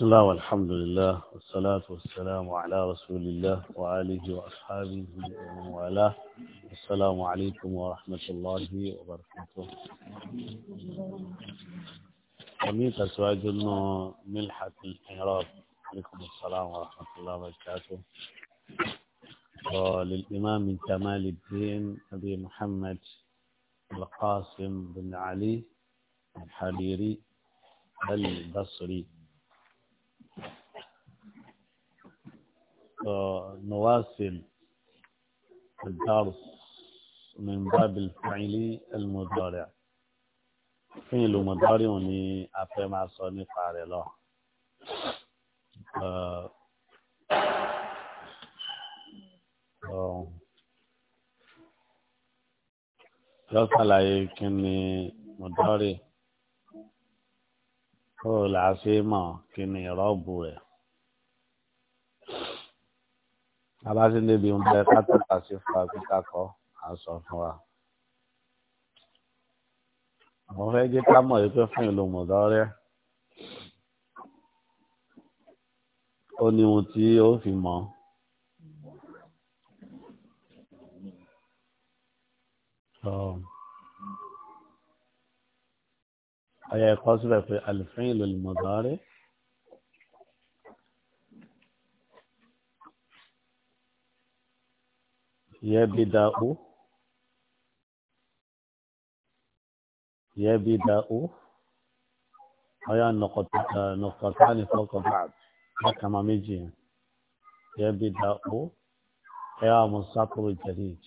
بسم الله والحمد لله والصلاة والسلام على رسول الله وآله وأصحابه ومن والاه السلام عليكم ورحمة الله وبركاته أمين أسواج ملحة الإعراب عليكم السلام ورحمة الله وبركاته وللإمام من كمال الدين أبي محمد القاسم بن علي الحريري البصري نواصل الدرس من باب الفعل المضارع فعل مضارع ني ابري ما سوني قاريلا ا لو كني مضارع هو العاصمه كني ربو abáṣe níbi ń bẹ kátàkà sí fún àbíkà kọ àṣọ fún wa. mo fẹ́ jẹ́ ká mọ̀ wípé fún ìlú mọ̀dọ́rẹ́ ó ní ohun tí ó fi mọ̀ ọ̀yà ẹ̀kọ́ síbẹ̀ pé àlùfín ìlú mọ̀dọ́rẹ́. يبدأ يبدأ هيا نقطة نقطتان فوق بعض كما ميجي يبدأ هيا مصطفى الجديد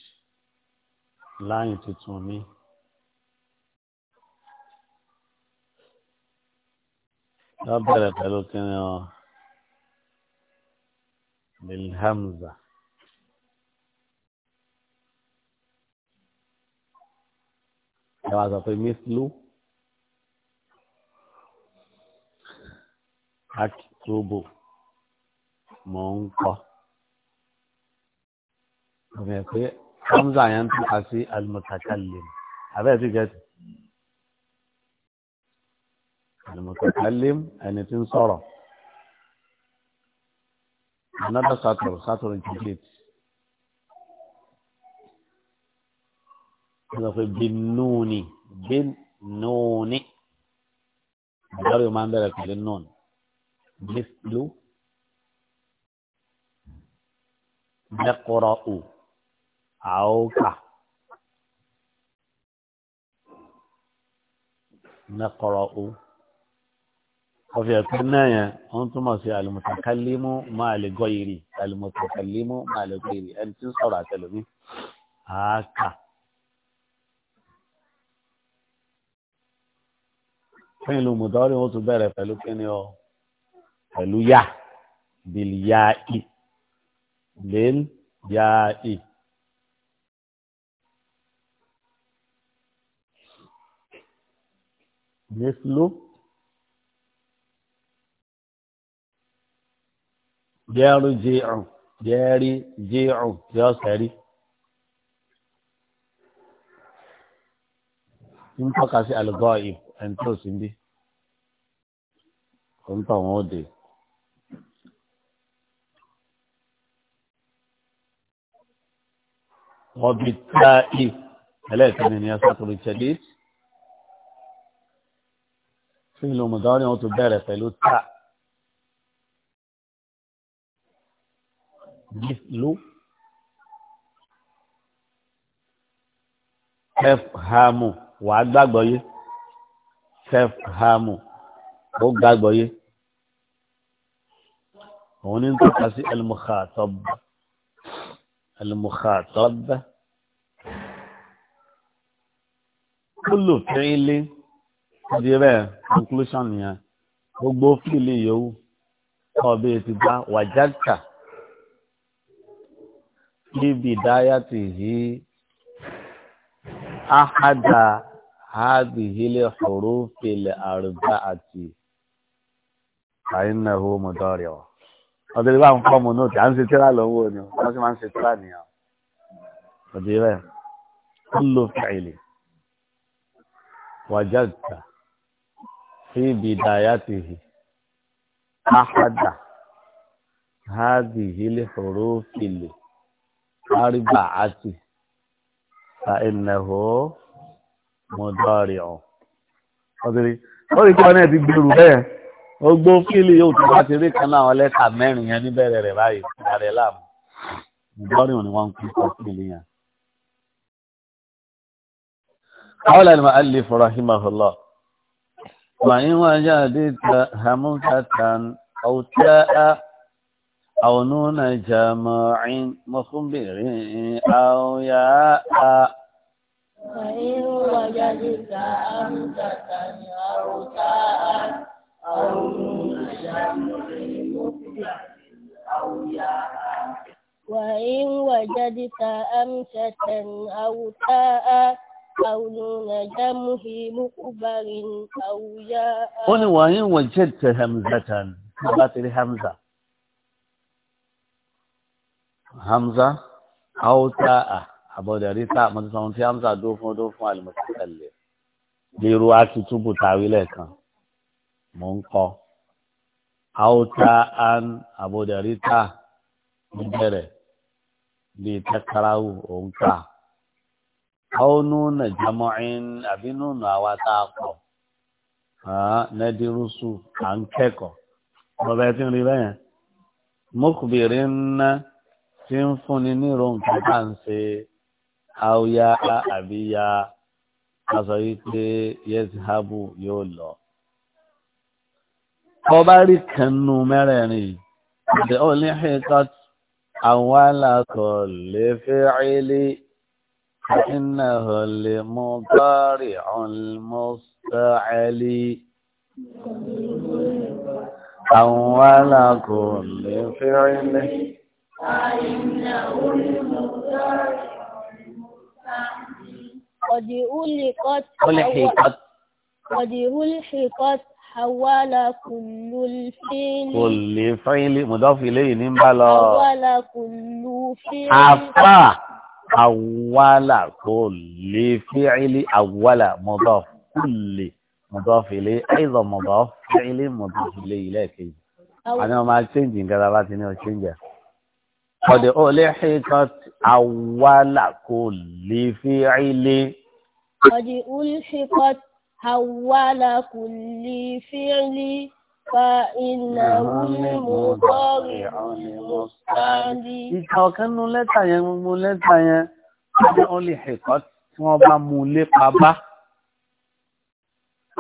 لاين تتومي أبدأ قالوا كنا بالهمزة تراز اپ مثلو حق توبو مونقا ہمیں سے حمزہ ہیں تو اسی المتکلم اب ایسی جات المتکلم ان تنصر انا ده ساتر ساتر انتجیت wọ́n sọ pé binúni binúni ìdárò máa ń bẹ̀rẹ̀ pẹ̀lú nọ́ọ̀nì mislu nẹ́kọ̀rọ̀ ò àókà nẹ́kọ̀rọ̀ ò ọ̀fẹ́ ẹ̀kọ́ náà yẹn wọ́n túmọ̀ sí alùmùtàkálímù máa lè gọ́ ìrì alùmùtàkálímù máa lè gọ́ ìrì ẹni tí ń fún ìlú mùtọ́rì wọn tún bẹ̀rẹ̀ pẹ̀lú kíni ọ pẹ̀lú yá bìlì yá ì lẹ́nu yá ì. مثل يرجع يرجع يسري ń tọ́ka sí àlùgọ́ ìb ẹni tó sì ń bí kò ń tọ̀ wọ́n ó dé. wọ́n bí táì ẹlẹ́ẹ̀kẹ́ni ni asátúrú ìṣẹ́dí tí ìlú mùdáwọ́nì wọn tó bẹ̀rẹ̀ pẹ̀lú tá gíflú ẹfhamu wàá gbàgbọ́ yìí tefhamu ó gbàgbọ́ yé òun ní tọ́ka sí al-mukhatab al-mukhatab kúlù fẹ́ẹ́lẹ́ di rẹ̀ conclusion yẹn gbogbo fìlì yòówù ọbẹ̀ ti gba wàjáka níbi ìdáyà tì áhádà. هذه الحروف الأربعة فإنه مضارع ọdún ìbá ń fọ́ mu náà tí a ń ṣe tíra lọ́wọ́ ni wọ́n sì máa ń ṣe tíra nìyàn ọdún rẹ̀ ó lò fàìlì wàjáàtà sí ibi ìdáyàtìhì áhádà هذه الحروف الأربعة فإنه mọ̀dárì ọ̀ ọ̀sẹ̀rẹ̀ wọ́n rí kí wọ́n náà ti gbèrú bẹ́ẹ̀ ogbó fíìlì yóò tó bá ti rí kan náà lẹ́tà mẹ́rin yẹn níbẹ̀rẹ̀ rẹ̀ báyìí ààrẹ láàmú mọ̀dárì ni wọ́n ń pín kọ́ fíìlì yẹn. قال المؤلف رحمه الله وإن وجدت همزة أو تاء أو نون جماع مخبر أو ياء فإن وجدت أمسكا أو ساء أو نشا أو جاء وإن وجدت أمسة أو تاء أو نون جمه مقبل أو ياء قل وإن وجدت همزة باطل همزة همزة أو تاء àbọ̀dẹ̀rí tá mo ti sọ ohun tí hamza dúró fún dúró fún àlùmọ́tẹ́lẹ̀ lérò akitúbù tàwí lẹ́ẹ̀kan mò ń kọ́ àwòtá an àbọ̀dẹ̀rí tá ń bẹ̀rẹ̀ bíi tẹ́káráwù òun ká àwọnú nàìjámọ́ín àbínúnú àwa tá a pọ̀ nẹ́dírúsù à ń kẹ́kọ̀ọ́ bọ́bá ẹ ti ń rí bẹ́ẹ̀ yẹn mọ́kùbìrín ná ti ń fúnni ní ìròǹkà bá ń ṣe é áwúyá àbíyá a sọ wípé yẹ́sìhábù yóò lọ. ọba rí kanú mẹ́rẹ̀ẹ̀rin the only haircut àwọn alákọ̀ lè fẹ́ ilé إنه لمضارع المستعلي أول كل فعل فإنه المضارع قد ألقت ألحقت قد ألحقت حول كل الفعل كل فعل مضاف إليه نمبلا حول كل فعل عفا أول كل فعل أول مضاف كل مضاف إليه أيضا مضاف فعل مضاف إليه لا أنا ما أتشنجين كذا باتني أتشنجها قد ألحقت أول كل فعل قد ألحقت أول كل فعل Ìkọ̀ọ̀kan nú lẹ́tà yẹn gbogbo lẹ́tà yẹn ọdún ó lè ṣẹ̀kọ́ tí wọ́n bá mú lépa bá.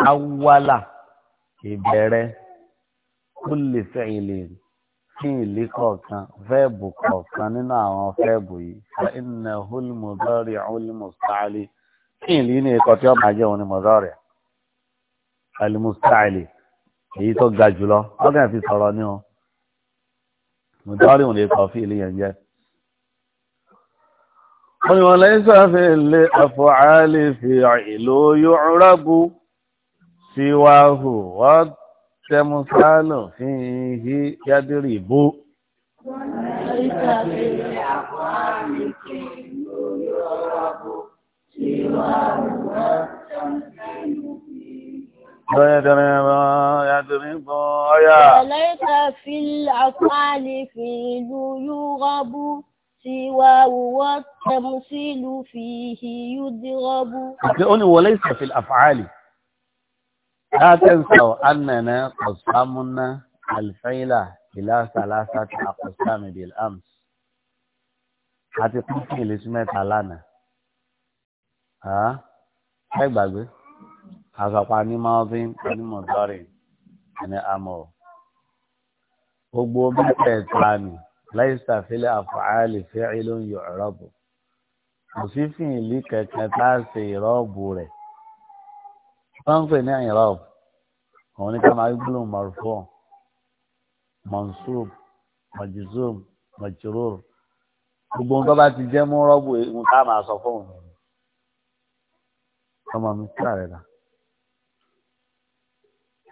Awala ìbẹ̀rẹ̀ ó lè fẹ́ ìlè rí kí ìlí kọ̀ọ̀kan fẹ́ẹ̀bù kọ̀ọ̀kan nínú àwọn fẹ́ẹ̀bù yìí fa iná hulmu lọ́rì hulmustali kí ìlí ní ikọ̀ tí ó máa jẹ́ òun ni mọ̀dọ́rì hulmustali èyí tó ga jùlọ ọgàn fi sọ̀rọ̀ ní o mọ̀dọ́rì òun lè kọ̀ fí ìlí yẹn jẹ́. wọ́n lẹ́yìn sọ́fẹ́ ilé ẹ̀fọ́ àálẹ́ fi ìlú yóò rẹ́bù síwáhù wọ́n tẹmúsálù fi hí yádìrì bó. وليس في الأفعال فعل يغب سواه والتمثيل فيه يضرب. ó ní وليس في الأفعال لا تنسوا أننا قسمنا الفعل إلى ثلاثة أقسام بالأمس àti pínpín ìlẹ́sí mẹ́ta lánàá ẹ gbàgbé àsọ̀pá ní malvin onímọ̀tọ́rìn ẹni amọ̀ gbogbo mẹ́tẹ̀ẹ̀ta ni láìsà fílẹ̀ àfààlì fẹ́ẹ́ ló ń yọ ọ̀rọ̀bù kò sí fìlì kẹ̀kẹ́ tá a ṣe ìrọ́bù rẹ̀ wọ́n ń pè ní àyìnrá o àwọn ní ká máa majizum majurur gbogbo ohun bá ti jẹ́ mú ni ọmọ mi kí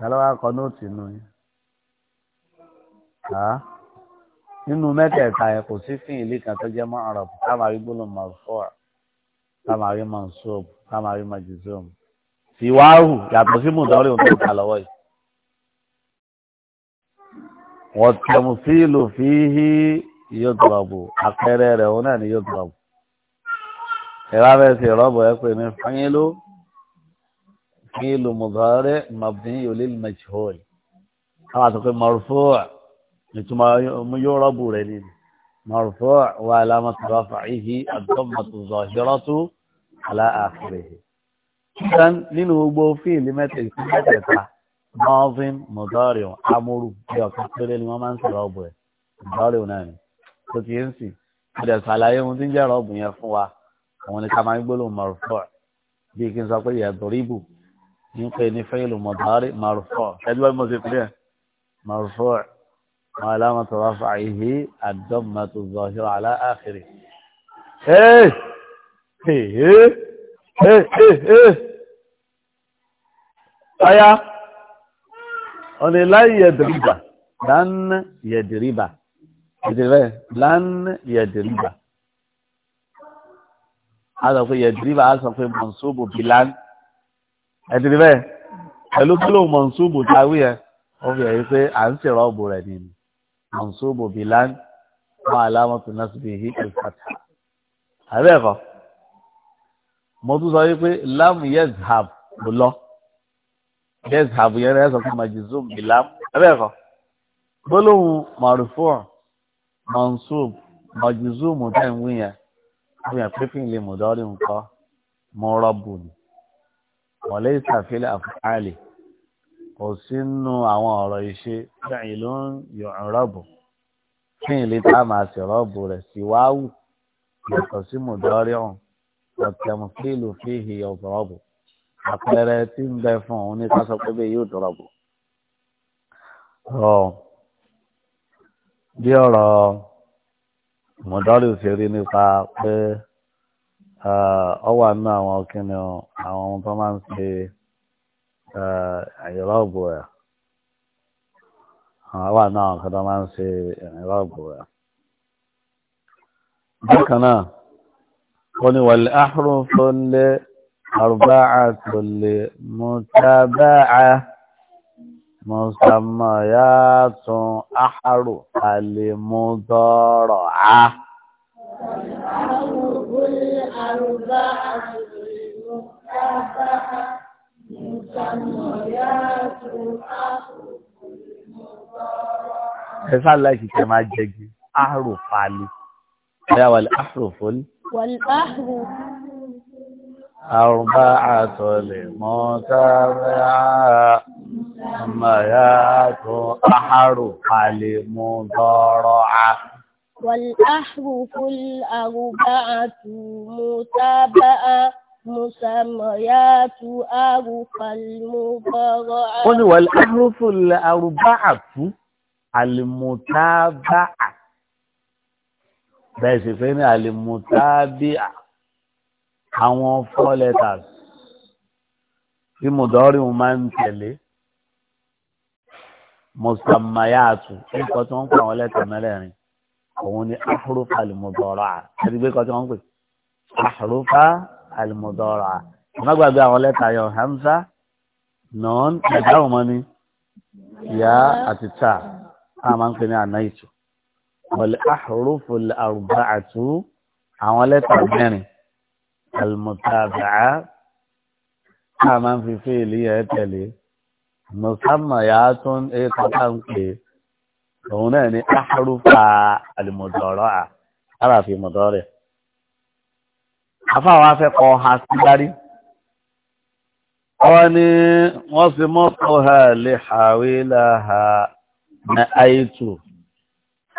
ààrẹ akọ nóòtì nù yín àá nínú mẹ́tẹ̀ẹ̀ta yẹn kò sí kan tó mọ́ ká máa rí gbólóhùn ká máa rí ká siwahu yàtọ̀ sí mùdọ́rì ohun tó kà lọ́wọ́ yìí. wọ́n tẹ̀mú sí ìlú fi hí yóò tó rọ̀bù àpẹẹrẹ rẹ̀ òun náà ni yóò tó rọ̀bù. ẹ wá bẹ́ẹ̀ sí rọ́bù ẹ pé ní fáyínlú fíìlù mùdọ́rì mabni yulil majhul. àwọn àtúnkẹ́ marfu' ìtumọ̀ yóò rọ́bù rẹ̀ ni marfu' wa alamatu rafa'ihi ad-dammatu adh-dhahiratu ala akhirih ṣùgbọ́n nínú gbogbo fíìlì mẹ́tẹ̀ẹ̀sì mẹ́tẹ̀ẹ̀ta mọ́ọ́fín mọ̀tọ́rìọ̀ amúrù bí ọ̀kan péré ni wọ́n máa ń sọ rọ́ọ̀bù ẹ̀ mọ̀tọ́rìọ̀ náà ni tó ti ń sì mo dẹ̀ ṣàlàyé ohun tí ń jẹ́ rọ́ọ̀bù yẹn fún wa àwọn ni ká máa ń gbólóhùn mọ̀rùfọ́ bí kí n sọ pé yàtọ̀rìbù ń pè ní fẹ́ẹ̀lù mọ̀tọ́rì mọ̀rùfọ́ ẹgbẹ́ bí mo ṣe pè é mọ̀rùfọ́ وعلامة رفعه الضمة الظاهرة على آخره إيه إيه إيه إيه إيه ọ̀yá ọ̀nà láì yẹ̀dìrìbà lán yẹ̀dìrìbà ìdìrẹ́ lán yẹ̀dìrìbà a sọ pé yẹ̀dìrìbà a sọ pé mọ̀nsóbù bí lán ẹ̀dìrìbẹ̀ pẹ̀lú kí ló mọ̀nsóbù táwí ẹ̀ ó fi ẹ̀yí pé à ń ṣèrọ̀ ọ̀bù rẹ̀ nínú mọ̀nsóbù bí lán wọn àlámọ̀tò náà sì fi hí ìfàtà àbẹ́ẹ̀fọ́ mo tún sọ wípé lámù yẹ́zhab bẹ́ẹ̀ sàbù yẹn rẹ̀ sọ fún majizum bilam abẹ́ẹ̀kọ́ gbólóhùn marufu mansub majizum tẹ̀wé yẹn wọ́n yẹn pínpín lè mú dọ́rí nǹkan mọ́rọ́bù ni wọ́n lè ṣàfihàn àfààlì kò sínú àwọn ọ̀rọ̀ ìṣe fẹ́yìn ló ń yọ̀ọ̀n rọ́bù fẹ́yìn lè tá a máa ṣe rọ́bù rẹ̀ sí wáwù yàtọ̀ sí mú dọ́rí ọ̀hún ọ̀tẹ̀mú fílù fíhì ọ̀rọ̀bù àpẹẹrẹ tí ń bẹ fún òun ní ká sọ pé yóò dọ̀rọ̀ bò. bí ọ̀rọ̀ mọ̀dọ́rì ṣe rí nípa pé ọ wà nínú àwọn kíni àwọn ohun tó máa ń ṣe ìrọ̀ bò ẹ̀ wà nínú àwọn kan tó máa ń ṣe ìrọ̀ bò ẹ̀. bákan náà ó ní wàlẹ́ áhùrún fún lé. أربعة لمتابعة مسميات أحر المضارعة الأربعة المتابعة مسميات أحر ẹ̀fà láìsí tẹ máa jẹ́gi áhùrù fàálì ẹ̀yà wà láhùrù أربعة لمتابعة ميات أحرف لمضارعة والأحرف الأربعة متابعة مسميات أحرف المضارعة قل والأحرف الأربعة المتابعة بس فين المتابعة àwọn four letters tí mùdọ́rì wọn máa ń tẹ̀lé mùsàmáyàtù nǹkan tí wọ́n ń pè àwọn lẹ́tà mẹ́rẹ̀ẹ̀rin òun ni ahrufa alimudọ́rà ẹni gbé kan tí wọ́n ń pè ahrufa alimudọ́rà má gbàgbé àwọn lẹ́tà yọ hamza nọ́ọ̀n ẹ̀dá wọn ni ìyá àti tá a máa ń pè ní ànáìtù wal ahrufu al arba'atu àwọn lẹ́tà mẹ́rin àlùmọ̀tàbàá náà máa ń fi fíìlì yẹn tẹ̀lé mùsàmà yà á tún ẹ kọ́tà ń pè òun náà ní áhàrúfà àlùmọ̀dọ̀rọ̀ à aláàfin mọ̀dọ́rẹ̀. afáwọn afẹ́kọ̀ ha sí dárí. wọ́n ní wọ́n fi mọ́tò ha lè hàwé láha ní àìtù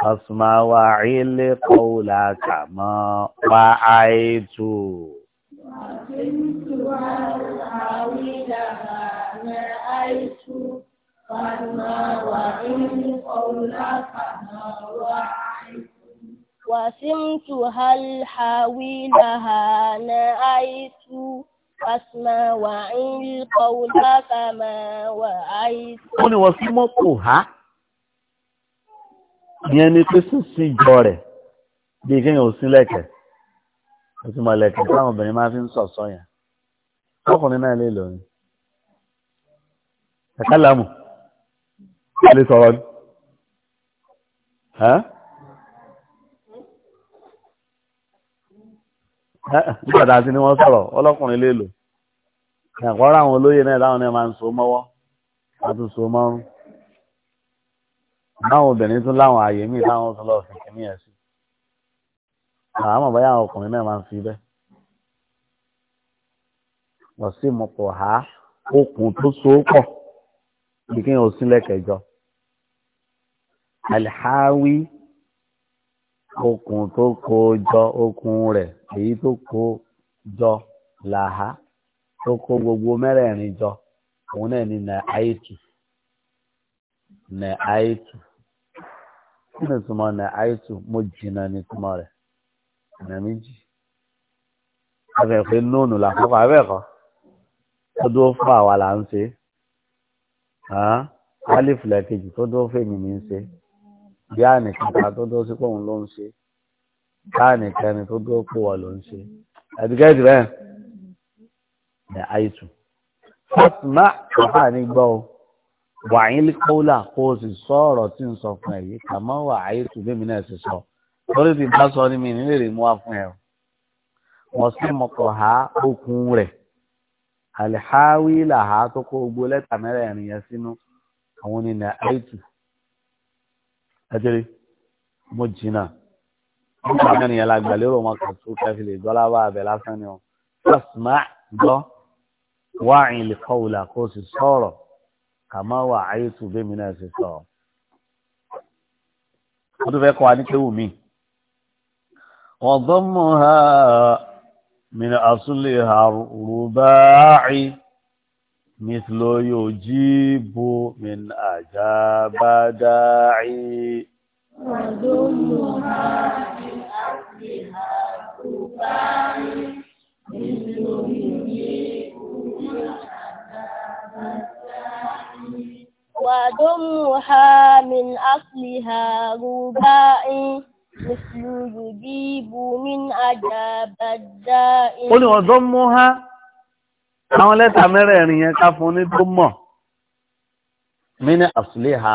asùnmáwá ilé kọ́wùlà kà mọ́ wá àìtù. أتمتها حاولها رأيت فما وإن قولها وعيت وسمتها الحاولها نأيت فاسمع وإن القول فما وعيت. ó ní wọ́n fi mọ́tò há ìyẹn ni ìtumọ̀ lẹ́kìn táwọn obìnrin máa fi ń sọ̀sọ́ yẹn ọkùnrin náà lè lò ní ẹ̀ka lámù lè sọ̀rọ̀ ní nígbà tá ni ti ní wọ́n sọ̀rọ̀ ọlọ́kùnrin lè lò ẹ̀kọ́ ráwọn olóyè náà láwọn náà máa ń so mọ́wọ́ àti so mọ́rún láwọn obìnrin tún láwọn àyè míì láwọn tún lọ kìíní ẹ̀ Ah, ma vaya o comer más fibe. O si mo po ha, o to so ko. Bi kin o sin le kejo. Al hawi o to ko jo o kun re, yi to ko jo la ha. to ko gbogbo mere rin jo. Won na ni na aitu. Na aitu. Ina suma na aitu mo jina ni suma re. ọ̀nà méjì afẹ́ pé nóònù làkọ́kọ́ abẹ́ẹ̀kọ́ tó dúró fún àwa là ń ṣe alifu lẹ́ẹ̀kejì tó dúró fún èmi ní í ṣe bí ànìkẹta tó dúró sí pòun ló ń ṣe bí ànìkẹni tó dúró pò wọ́n ló ń ṣe ẹ̀dùkẹ́tì bẹ́ẹ̀ ẹ̀ àìsù fatima wàhálà ní o wàhálà kọ́ọ́là kó o sì sọ ọ̀rọ̀ tí ń sọ fún ẹ̀ yìí wà àìsù bẹ́ẹ̀ mi náà sì sọ lórí ti bá sọ ní mi nílé rè mú wa fún ẹ wọn sì mọkọ ha okùn rẹ alihawi làhá tó kó gbogbo lẹ́tà mẹ́rẹ̀ẹ̀rin yẹn sínú àwọn ní nà áìtù ẹtìrí mo jìnnà nígbà mẹ́rin yẹn la gbàlérò wọn kà tó kẹfì lè gbọ́lá wà abẹ lásán ni ọ fásmà gbọ́ wá ìlì kọ́wùlà kó o sì sọ̀rọ̀ kàmá wà áìtù bẹ́ẹ̀ mi náà sì sọ̀rọ̀ wọ́n tún fẹ́ kọ́ wa ní kéwù míì. وضمها من أصلها الرباعي مثل يجيب من أجاب داعي وضمها من أصلها الرباعي مثل يجيب من أجاب داعي وضمها من أصلها رباعي مثل يجيب من عجاب الداء قل وضمها àwọn lẹ́tà mẹ́rẹ̀ẹ̀rin yẹn ká fún ní tó mọ̀ mí ní àṣìlẹ́hà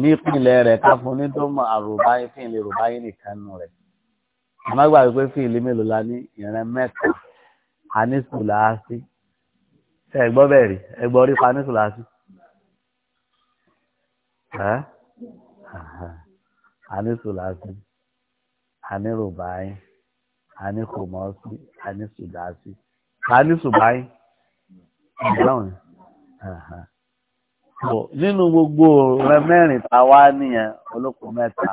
ní ìpínlẹ̀ rẹ̀ ká fún ní tó mọ̀ àrùbáyé fíìlì rùbáyé nìkan nù rẹ̀ àmágbà wípé fíìlì mélòó la ní ìrìn mẹ́ta anísùláàsì ẹgbọ́ bẹ́ẹ̀ rí ẹgbọ́ rí pa anísùláàsì àní sùlásì àní rùbáyì àní kòmọ́sí àní sùlásì àní sùbáyì ìdáhùn nínú gbogbo rẹ mẹ́rin tá a wá nìyẹn olóko mẹ́ta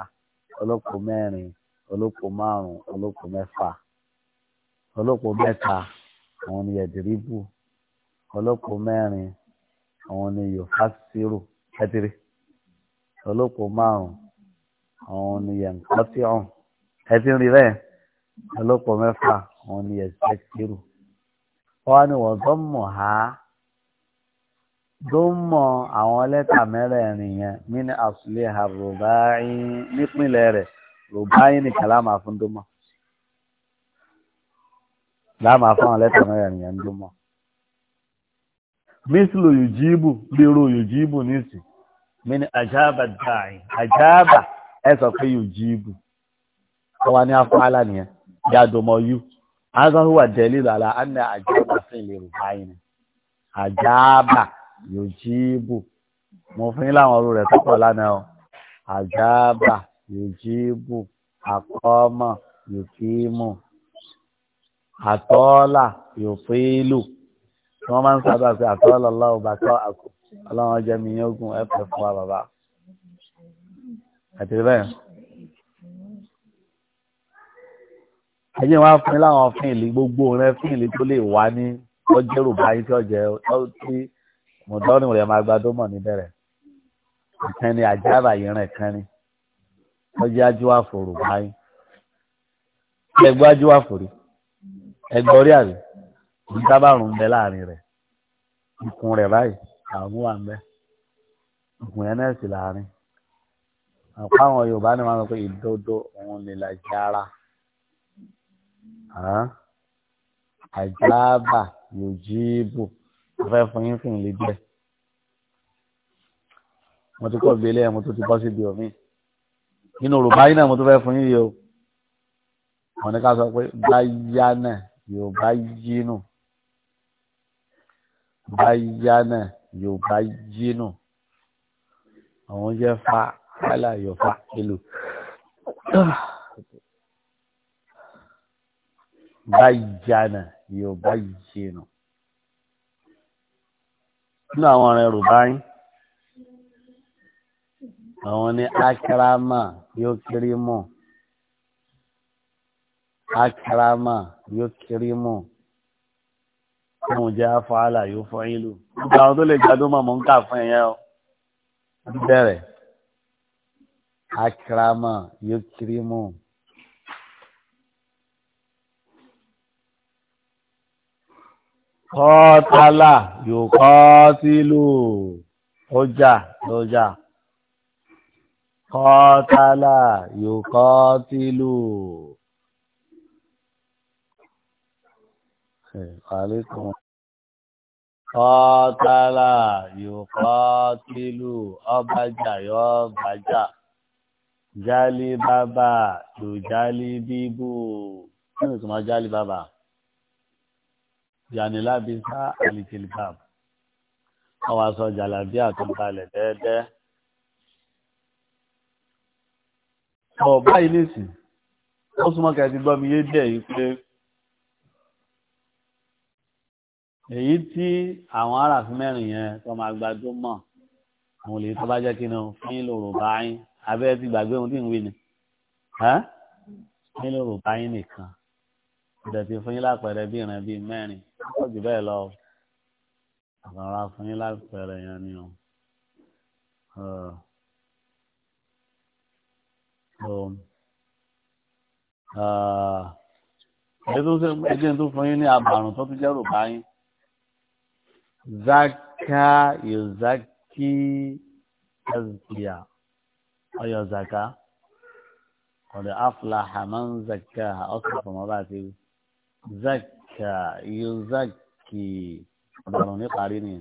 olóko mẹ́rin olóko márùn olóko mẹ́fà olóko mẹ́ta àwọn ni yẹ̀dìrìbù olóko mẹ́rin àwọn ni yòfásírù kẹ́tìrì olóko márùn àwọn ni yẹn nǹkan tí ọ̀hún ẹ ti ń rí bẹ́ẹ̀ ọlọ́pọ̀ mẹ́fà àwọn ni yẹn ṣe kírù wọ́n ní wọ́n tó mọ̀ á tó mọ̀ àwọn lẹ́tà mẹ́rẹ̀ẹ̀rin yẹn mini àsùlẹ̀ ha rògbáyé nípínlẹ̀ rẹ̀ rògbáyé ní kàlámà fún tó mọ̀ láàmà fún àwọn lẹ́tà mẹ́rẹ̀ẹ̀rin ẹ sọ pé yóò jí ibù ọwọ́ ní afọ́lá nìyẹn yá dọmọ yú azahuwa dẹ̀lí lọ́la anna àjábà sí ilé rùbáyìí ni àjábà yóò jí ibù mo fún yín láwọn ọrú rẹ̀ tọ́pọ̀ lánàá o àjábà yóò jí ibù àkọ́mọ̀ yóò kí mú àtọ́ọ́là yóò fi lù tí wọ́n máa ń sábà pé àtọ́ọ́là ọlọ́run bàtọ́ àkọ́ ọlọ́run jẹ́ mi yóò gùn ẹ̀fẹ̀ fún wa bàbá àti bẹ́ẹ̀. ayé wa fún mi láwọn fíìlì gbogbo rẹ fíìlì tó lè wá ní ọjẹ́rò báyìí tí ọjẹ́ tí mọ̀dọ́rìn rẹ̀ máa gba dómọ̀ níbẹ̀rẹ̀ ìkan ni àjábà ìrìn kan ni ọjẹ́ ajúwà fòrò báyìí ẹgbẹ́ ajúwà fòrò ẹgbẹ́ orí àrí ìdábàrún bẹ láàrin rẹ̀ ikùn rẹ̀ báyìí àwọn wà ń bẹ ikùn yẹn náà sì láàrin àpá yorùbá ni wọ́n sọ pé ìdodo òun lè làjẹ àjábà yòjíìbù afẹ́ fún yín fún ilé díẹ̀ mo ti kọ́ gbélé ẹ̀ mo tó ti bọ́ síbi omi nínú yorùbá yìí náà mo tó fẹ́ fún yín yìí o wọ́n ní ká sọ pé báyá náà yorùbá yínú báyá náà yorùbá yínú òun jẹ́ fa wàhálà yọ̀fà ìlú. báyìjànà yóò báyìjìnà nínú àwọn ọ̀rẹ́ rùbáyìn àwọn ní akérama yóò kiri mọ́ akérama yóò kiri mọ́ fún jẹ́ afọ́ àlà yóò fọ́ yín lò. gbogbo àwọn tó lè gbádùn mọ̀ mọ́ ń kà fún ẹ̀yẹ́ ọ bẹ̀rẹ̀ akirama yukirimu. kọ́tàlá yòókọ́tìlù ọjà lọ́jà kọ́tàlá yòókọ́tìlù. Kọ́tàlá yòókọ́tìlù ọbàjà yóò bàjà jálí bábà tó jálí bíbò kí ni ìtumọ̀ jálí bábà jànílá bí sá àlìjìlì bábà àwọn aṣọ jàlábí àtúntalẹ̀ dẹ́ẹ́dẹ́. ọ̀ báyìí lèsì ó súnmọ́ kẹ́ẹ̀tì gbọ́ mi yé dẹ̀ yìí pé èyí tí àwọn aráàfin mẹ́rin yẹn tó máa gbajúmọ̀ àwọn olè tó bá jẹ́ kí ni fún ìlò rò báyìí abẹ́ ti gbàgbé ohun tí ń wí ni ní ló bá yín nìkan ìdọ̀tí fún yín lápẹẹrẹ bí ìran bíi mẹ́rin ó jù bẹ́ẹ̀ lọ àkàrà fún yín lápẹẹrẹ yẹn ni o. Ẹgbẹ́ tó fún yín ní àbàrùn tó tún jẹ́rù bá yín. Zaka Yozaki Ezkiya ọyọ zaka ọdẹ aflaha man zakaha ọsọfọ mọ bá ti zaka yóò zaki ọdọrùn ní parí ni.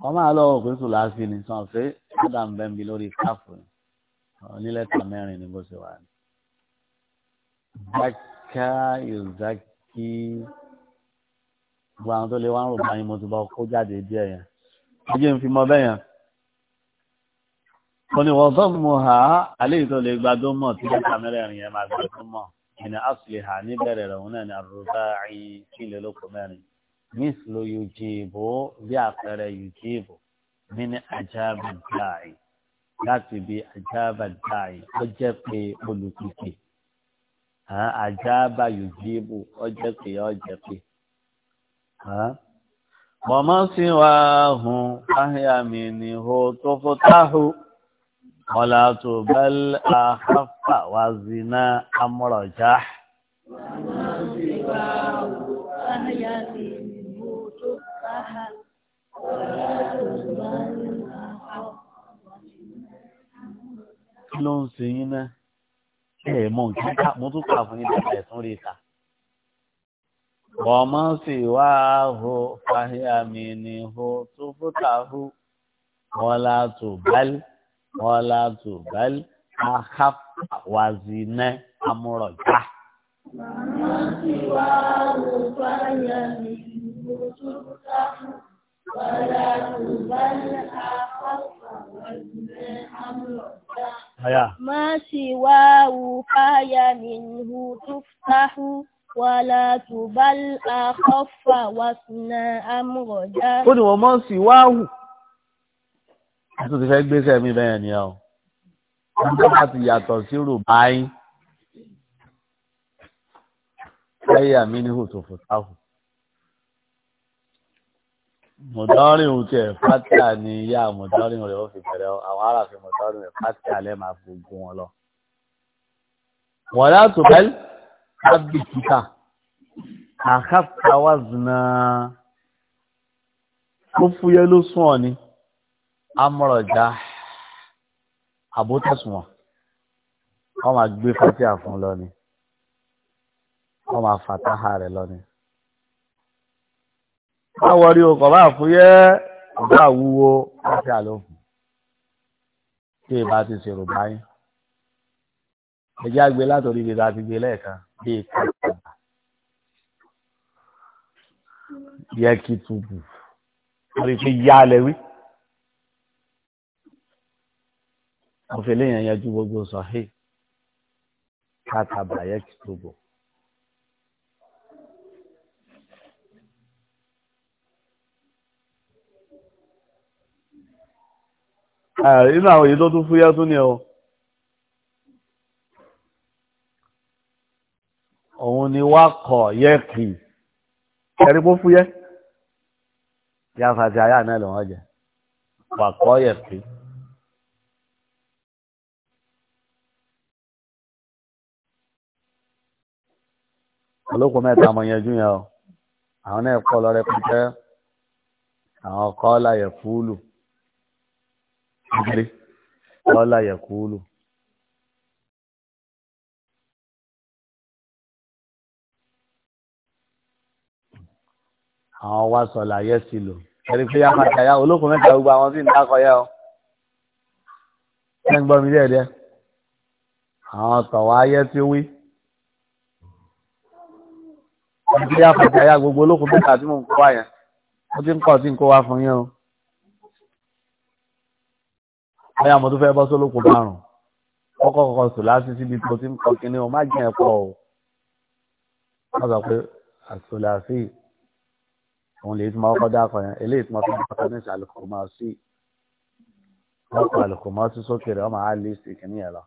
wọn máa lọ òkú sùn láti ní sàn pé ádám bẹ́ńbi lórí káfù onílẹ̀ta mẹ́rin ni bó ṣe wà ní. zaka yóò zaki gbogbo àwọn tó lè wá rò báyìí mo ti bá kó jáde díẹ̀ yẹn ẹjẹ́ ń fi mọ bẹ́yàn wọ́n ni wọ́n fọ́n mú ha alẹ́ ìtọ́ lè gba tó mọ̀ tí wọ́n kàmẹ́rẹ́ rìn yẹn máa gbà tó mọ̀ ẹni asùlè ha ní bẹ̀rẹ̀ rẹ̀ wọn náà ni àrùbá àyìn kí lè lóko mẹ́rin mísìlò yóò jẹ ìbò bí àpẹẹrẹ yóò jẹ ìbò mí ní ajábà dáì láti bí ajábà dáì ó jẹ́ pé olùkìkì ajábà yóò jẹ ìbò ó jẹ́ pé ó jẹ́ pé. وما سواه فهي منه تفتح ولا تبل أخف وزنا أمرجح وما سواه فهي منه تفتح ولا تبل أخف وزنا أمرجح. kí ló ń ṣe yín náà ẹ mọ nǹkan ká mo tún kà fún yín dáadáa ẹ tún rí i kà wọ́mọ́ sì wá hó fàhíàmì ní hó tó fúta hó wọ́n la tó bẹ́lí wọ́n la tó bẹ́lí ahafa wàzínà amúrọ̀já. wọ́mọ́ sì wá hó fàhíàmì ní hó tó fúta hó wọ́n la tó bẹ́lí ahafa wàzínà amúrọ̀já. ما سواه فهي منه تفتح wàlá tùbálì àkọ́fà wàsùnà amúrọ̀já. ó ní wọ́n mọ̀ sí wáhù. a tún ti fẹ́ gbéṣẹ́ mi bẹ́ẹ̀ ni ọ. wọ́n tó bá ti yàtọ̀ sí rùbáyín. láyé àmì ní hòtòfò táhù. mọ̀dọ́rìn òun tiẹ̀ fátà ni ìyá mọ̀dọ́rìn rẹ̀ ó fi bẹ̀rẹ̀ àwọn aráàfin mọ̀dọ́rìn rẹ̀ fátà lẹ́ẹ̀ máa gbogbo wọn lọ. wọ́n látò bẹ́ẹ̀ abbikita a hafta wazna ó fúyẹ́ ló sún ọ ni amọ̀rọ̀já àbótẹ́sùnwọ̀n wọ́n máa gbé fatia fún lọ ni wọ́n máa fàtáhà rẹ̀ lọ ni. báwo rí o kò bá fúyẹ́ ọ̀gá àwúwo fatia ló fún tí ìbá ti ṣèrò báyìí. ẹ àgbẹ̀ látòrí ibi tá a bíi kàkàbà yẹ kí tubù lórí pé yá lẹ́wí. mo fi léèyàn yanjú gbogbo sọ̀hí kàkàbà yẹ kí tubù. inú àwọn èyí tó tún fúyẹ́ tún ni o. òun ni wá kọ̀ yẹ kì í ẹ̀rí bó fúyẹ́ tí a fàtí ayá náà lòun ọjẹ́ wà kọ́ yẹ kì í. olókùn mẹ́ta mọ̀ yẹn jú yẹn o àwọn náà kọ́ lọ rẹpẹtẹ àwọn kọ́ láyẹ̀ fúlù kọ́ láyẹ̀ fúlù. àwọn wá sọlá yẹ sí lò ẹni pé yàrá kàyà olókùn mẹ́ta gbogbo àwọn sì ń dákọ yẹ ọ ẹ ń gbọ́ mi díẹ̀ díẹ̀ àwọn tọwọ ayẹ tí ó wí ẹni pé yàrá kàyà gbogbo olókùn mẹ́ta tí mò ń kó àyàn ó ti ń kọ tí ń kó wá fún yẹn o ẹyà mo tún fẹ́ bọ́ sólókùn márùn kọ́kọ́ kọ́kọ́ sùn láti síbi tó ti ń kọ kínní o má jẹ ẹ pọ o wọn sọ pé àsòlàfíì òun lè tún máa kọ́ dá kan yẹn eléyìí tún máa fi dákọ̀ ní ìsàlẹ̀ kò máa sí wọ́n kọ́ àlùkò máa sí sókè rẹ̀ wọ́n máa lé sí kìíní yẹn lọ.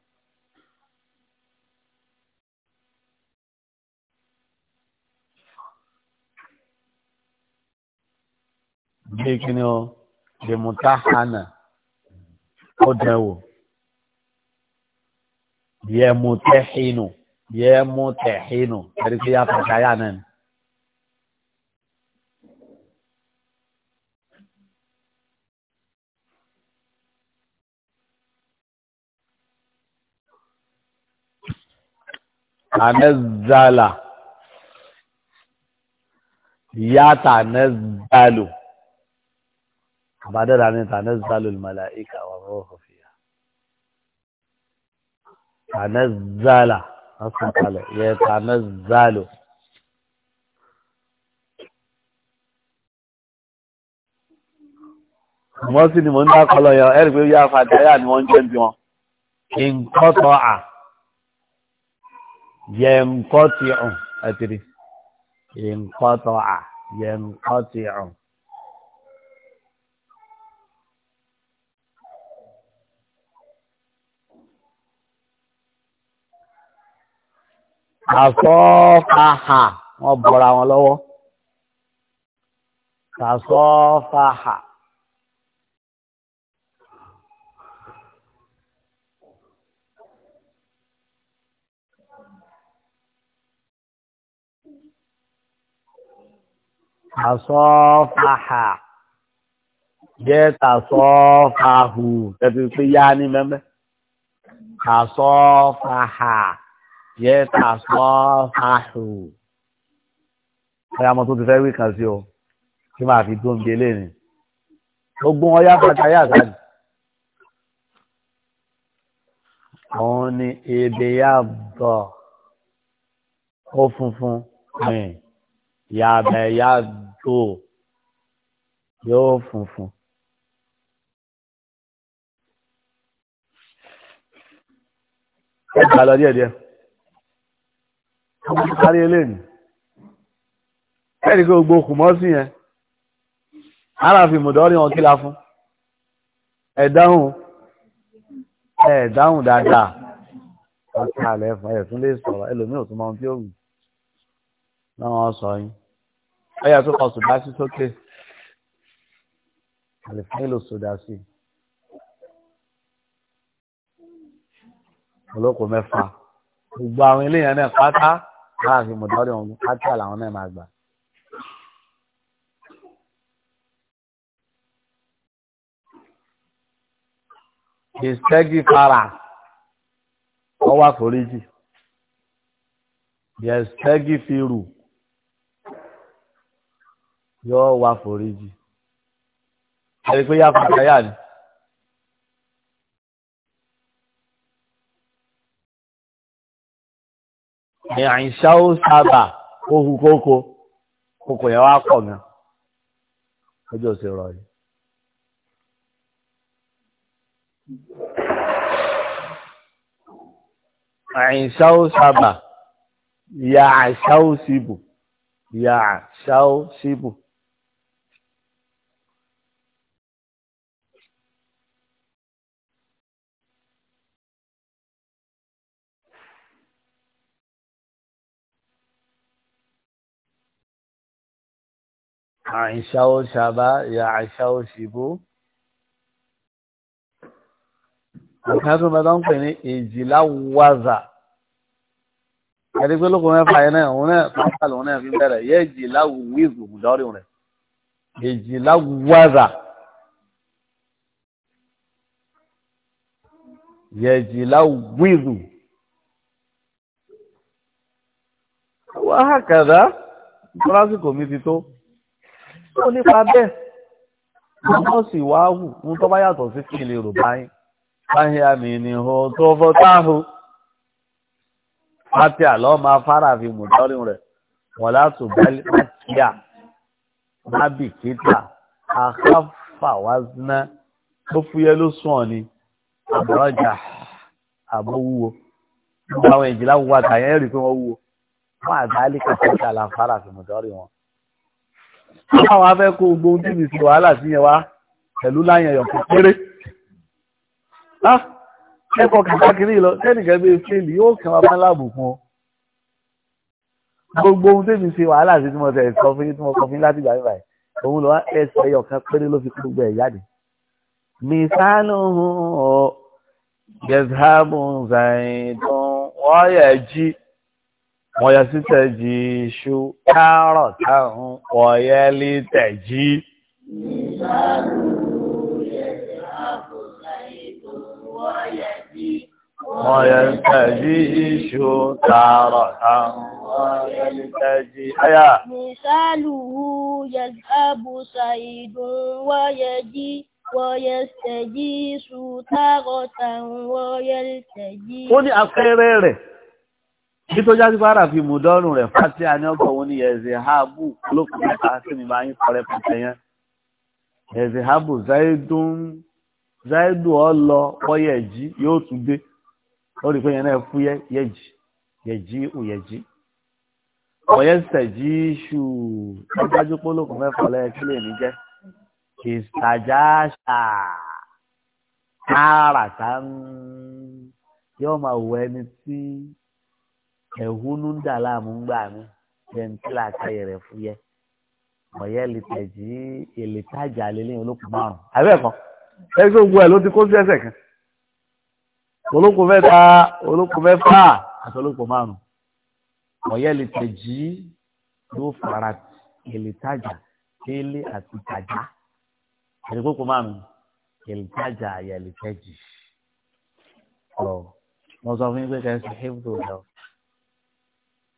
o dèmùtá hànà ó dẹ̀ wò yẹ mú tẹ̀ hínú yẹ mú náà ni. anazala yata anazalu àbádọ́dà ní tanazalu mala'ika wa ruhu fiha tanazala asan kalẹ̀ yẹ tanazalu. wọ́n sì ni mo ń dákọ̀ lọ yọ ẹ̀rí pé yá fàtẹ́yà ni wọ́n ń jẹ́ bí wọn. nǹkan tọ́ à yẹnkọtìọ ẹtìrì yẹnkọtọà yẹnkọtìọ. Tàṣọ́fàhà wọ́n bọ̀ra wọn lọ́wọ́. Tàṣọ́fàhà. tasọ́fàhà jẹ́ tasọ́fàhù tẹ́tí pé yá ní mẹ́mẹ́ tasọ́fàhà jẹ́ tasọ́fàhù ọyàmọ́ tó ti fẹ́ wí kan sí o kí máa fi dóńbi eléyìí gbogbo wọn yá fàtà yá àtàlì òun ni èdè yá bọ̀ ó funfun rìn yàbẹ̀ yàdò yóò funfun. ẹ gbà lọ díẹ̀díẹ̀ ọmọ kárí eléyìí ẹ̀rí kí gbogbo kùmọ́ sí yẹn aláàfin mùdọ́rí wọn kíla fún ẹ dáhùn ẹ dáhùn dáadáa ọ̀tá àlẹ́ fún ẹ̀ tún lè sọ̀rọ̀ ẹlòmíràn tó máa ń fi òògùn láwọn sọ yín ọyà tó kọ sùdá sí sókè àlèfẹ́ lò sùdá sí olóko mẹ́fà gbogbo àwọn eléyàn náà pátá láàfin mọ̀dọ́rì ọ̀hún pátá làwọn náà máa gbà. ìṣẹ́gi fara ọwọ́ àforíjì ìṣẹ́gi fi rù yóò wá foríjì ẹni pé yá fún àyà ni. ní àìsà ó sábà ó hu kókó kókó yẹn wá pọ̀ gan ọjọ́ òsè rọ̀ yìí. àìsà ó sábà ìyá àìsà ó síbù ìyá àìsà ó síbù. àìṣáwó ṣàbá يا عشاو شبو. àkàtún bẹ́ẹ̀ tó ń pè ní èjìlá wàzà ẹni pé lóko mẹ́fà yẹn náà òun náà pápá lòun náà fi bẹ̀rẹ̀ yẹ èjìlá wíìzù rẹ̀ èjìlá wàzà. yẹjìlá wíìzù. wàhákàdá lásìkò mi ti tó tó nípa bẹ́ẹ̀ ọmọ sì wá wù ń tọ́ bá yàtọ̀ sí kí ilé yorùbá yín báyìí àmì ìnìhò tó fọ́táhù àti àlọ́ máa fara fi mùtọ́rin rẹ̀ wọ́n látò bẹ́ẹ̀ kíá nábì kíta àkáfàwázná tó fúyẹ́ ló sùn ọ̀ni àbọ̀rọ̀jà àbọ̀wúwo gbogbo àwọn ìjìlá wúwo àtàyẹ́ rí pé wọ́n wúwo wọ́n àgbáálí kàkàkà làǹfààrà fi mùtọ́rin wọn àwọn afẹ́ kó gbogbo ohun tí mi fi wàhálà sí yẹn wá pẹ̀lú láyẹn ẹ̀yọ̀ kò péré kẹ́kọ̀ọ́ kàkiri lọ tẹ́nìkan bíi fíìlì yóò kàn wá bá láàbù fún ọ gbogbo ohun tí mi fi wàhálà sí tí mo tẹ̀ sọ fún yín tí mo kọ fún yín láti gbà yín báyìí òun lọ ẹsẹ̀ ẹ̀yọ̀ kan péré ló fi kó gbogbo ẹ̀ jáde mìsánù yẹ̀sàmù zàìdùn wọ́yẹ̀ jí. ويستجي شكارة ويلتجي ويلتجي شكارة ويلتجي أيا مثاله يذهب سيد ويجي ويستجيش تارة ويلتجي. ó ní àpẹẹrẹ rẹ̀ bí tó já sí fara fi mú dọ́rùn rẹ̀ fásitì àní ọgbà òun ni ẹ̀zẹ̀ haabu lókùn mẹ́ta sí mi máa ń kọ́rẹ́ pàtẹ yẹn ẹ̀zẹ̀ haabu zaidun zaidu ọlọ wọ́yẹ̀ jí yóò tún dé ó rí i pé yẹn náà fú yẹjì yẹjì ò yẹjì wọ́yẹ̀ sẹ̀jì ṣù ọgbájú pé lókùn mẹ́fà lè ní jẹ́ ìtajà ṣà tààràtà yóò máa wọ ẹni tí ẹ̀hónú ń dà láàmú gbà mí jẹ̀ǹtìlá àtàyè rẹ̀ fúyẹ́ ọ̀yẹ́ lìtẹ̀jì èlìtàjà lélẹ́yìn olókùn márùn-ún àbẹ́ẹ̀kọ́ ẹgbẹ́ gbogbo ẹ̀ ló ti kó sí ẹsẹ̀ kan olókùn mẹ́ta olókùn mẹ́fà àti olókùn márùn-ún ọ̀yẹ́ lìtẹ̀jì ló fara èlìtàjà délé àti tàjà ẹ̀dẹ́gbọ́kùn márùn-ún èlìtàjà àyẹ̀lìtẹ̀jì ọ̀ wọ́n sọ fún yín pé kẹ́sì hébùtò lọ.